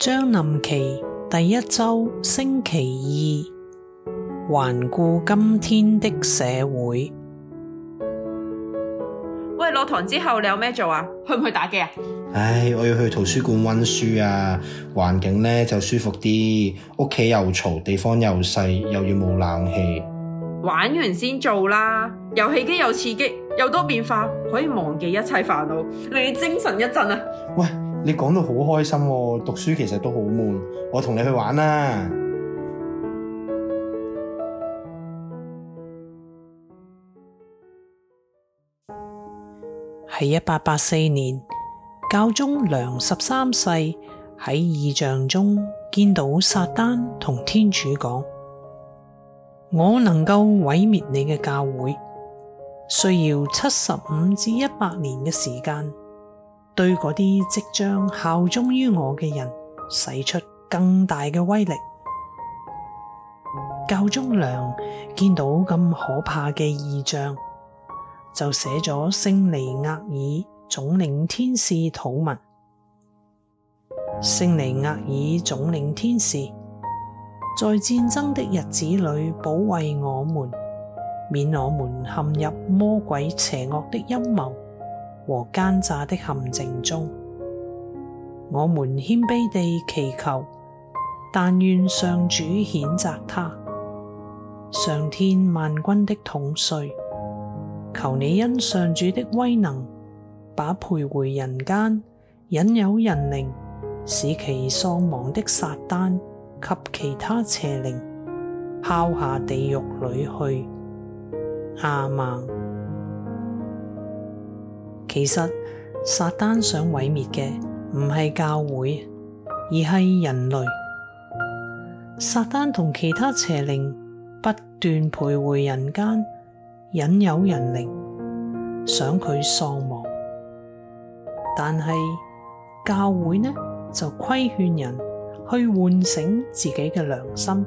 將臨期第一周星期二，環顧今天的社會。喂，落堂之後你有咩做啊？去唔去打機啊？唉，我要去圖書館温書啊。環境呢就舒服啲，屋企又嘈，地方又細，又要冇冷氣。玩完先做啦，遊戲機又刺激，又多變化，可以忘記一切煩惱，令你精神一振啊！喂。你講到好開心、哦，讀書其實都好悶。我同你去玩啦。喺一八八四年，教宗良十三世喺異象中見到撒殫同天主講：我能夠毀滅你嘅教會，需要七十五至一百年嘅時間。對嗰啲即將效忠於我嘅人，使出更大嘅威力。教宗良見到咁可怕嘅異象，就寫咗聖彌額爾總領天使禱文。聖彌額爾總領天使，在戰爭的日子裏保衛我們，免我們陷入魔鬼邪惡的陰謀。和奸詐的陷阱中，我們謙卑地祈求，但願上主譴責他，上天萬軍的統帥，求你因上主的威能把徘徊人間、引誘人靈、使其喪亡的撒殫及其他邪靈拋下地獄裏去。亞孟。其實撒殫想毀滅嘅唔係教會，而係人類。撒殫同其他邪靈不斷徘徊人間，引誘人靈，想佢喪亡。但係教會呢就規勸人去喚醒自己嘅良心，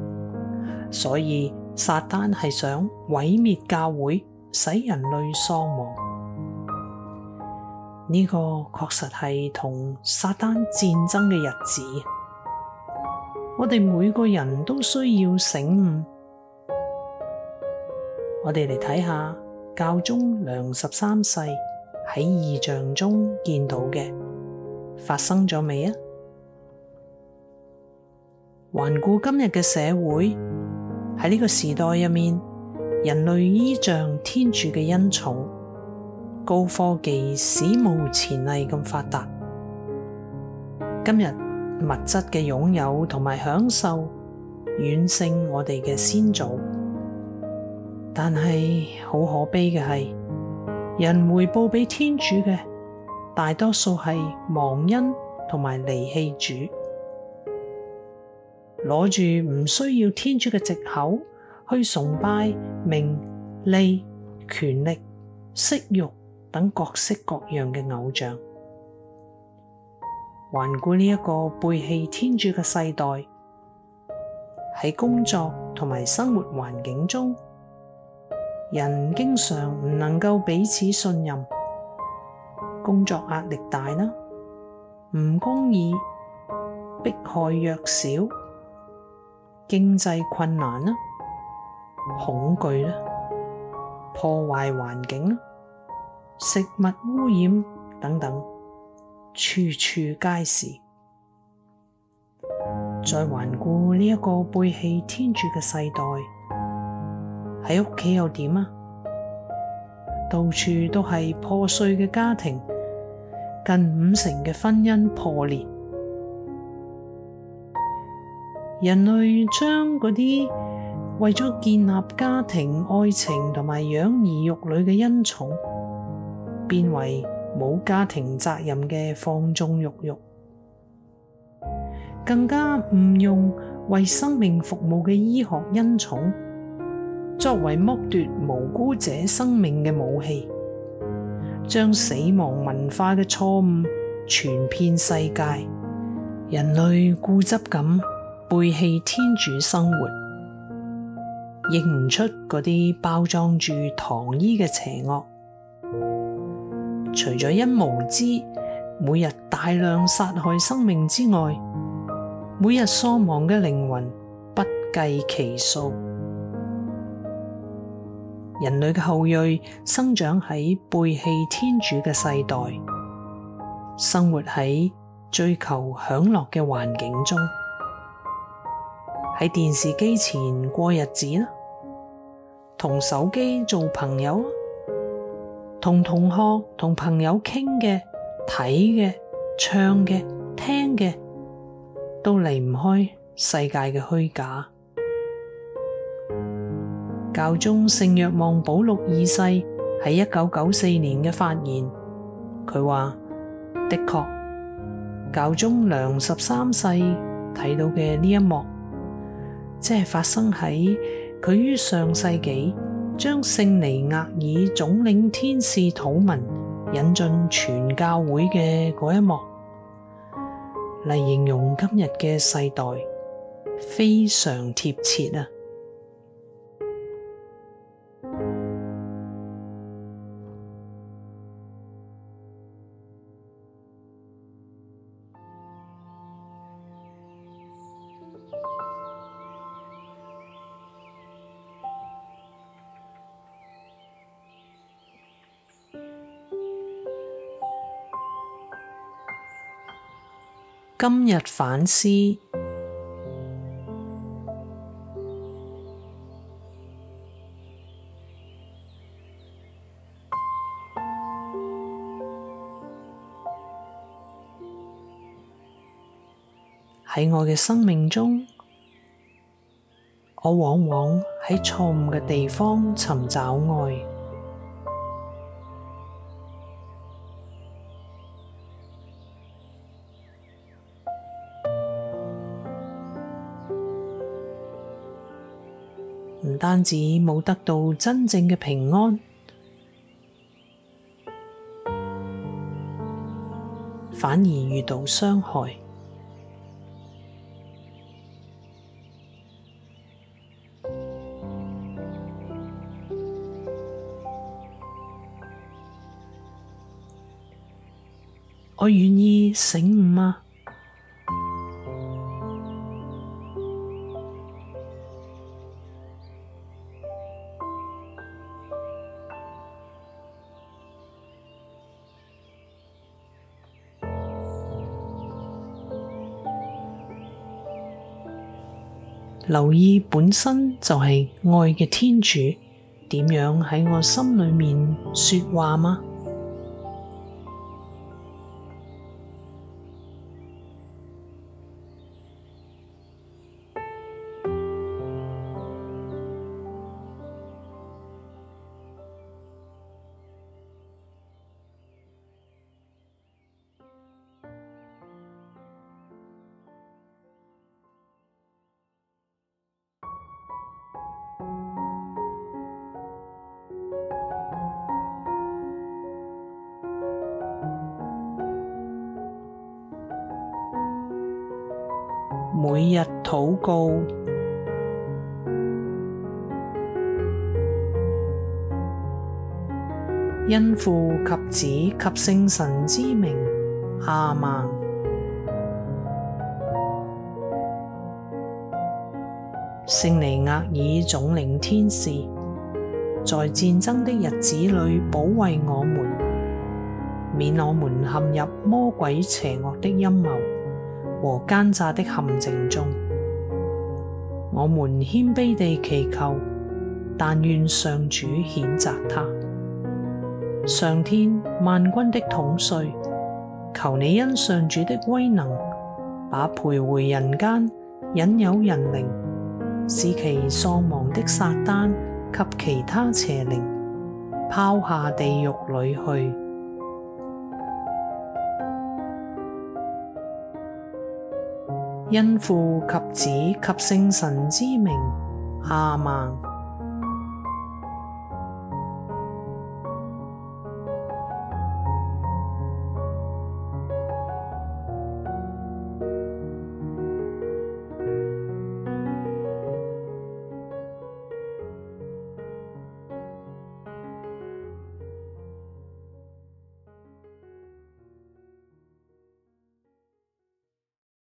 所以撒殫係想毀滅教會，使人類喪亡。呢、這個確實係同撒殫戰爭嘅日子，我哋每個人都需要醒寤。我哋嚟睇下教宗良十三世喺異象中見到嘅，發生咗未啊？環顧今日嘅社會，喺呢個時代入面，人類依仗天主嘅恩寵。高科技史無前例咁發達。今日，物質嘅擁有同埋享受，遠勝我哋嘅先祖。但係，好可悲嘅係，人回報俾天主嘅，大多數係忘恩同埋離棄主。攞住唔需要天主嘅藉口，去崇拜名、利、權力、色慾、等各式各樣嘅偶像，環顧呢一個背棄天主嘅世代，喺工作同埋生活環境中，人經常唔能夠彼此信任，工作壓力大啦，唔公義，迫害弱小，經濟困難啦，恐懼啦，破壞環境啦。食物污染等等，處處皆是。再環顧呢一個背棄天主嘅世代，喺屋企又點啊？到處都係破碎嘅家庭，近五成嘅婚姻破裂。人類將嗰啲為咗建立家庭、愛情同埋養兒育女嘅恩寵。變為冇家庭責任嘅放縱肉慾，更加誤用為生命服務嘅醫學恩寵，作為剝奪無辜者生命嘅武器，將死亡文化嘅錯誤傳遍世界。人類固執咁背棄天主生活，認唔出嗰啲包裝住糖衣嘅邪惡。除咗因無知，每日大量殺害生命之外，每日喪亡嘅靈魂不計其數。人類嘅後裔生長喺背棄天主嘅世代，生活喺追求享樂嘅環境中，喺電視機前過日子啦，同手機做朋友同同學、同朋友傾嘅、睇嘅、唱嘅、聽嘅，都離唔開世界嘅虛假。教宗聖若望保祿二世喺一九九四年嘅發言，佢話：的確，教宗良十三世睇到嘅呢一幕，即係發生喺佢於上世紀，將聖彌額爾總領天使禱文引進全教會嘅嗰一幕嚟形容今日嘅世代，非常貼切啊！今日反思，喺我嘅生命中，我往往喺錯誤嘅地方尋找愛。唔單止冇得到真正嘅平安，反而遇到傷害。我願意醒寤嗎、啊？留意本身就係愛嘅天主，點樣喺我心裏面說話嗎？每日禱告，因父及子及聖神之名，亞孟。聖彌額爾總領天使，在戰爭的日子裏保衛我們，免我們陷入魔鬼邪惡的陰謀。和奸詐的陷阱中，我們謙卑地祈求，但願上主譴責牠。上天萬軍的統帥，求你因上主的威能，把徘徊人間，引誘人靈，使其喪亡的撒殫及其他邪靈拋下地獄裏去。因父及子及聖神之名，亞孟。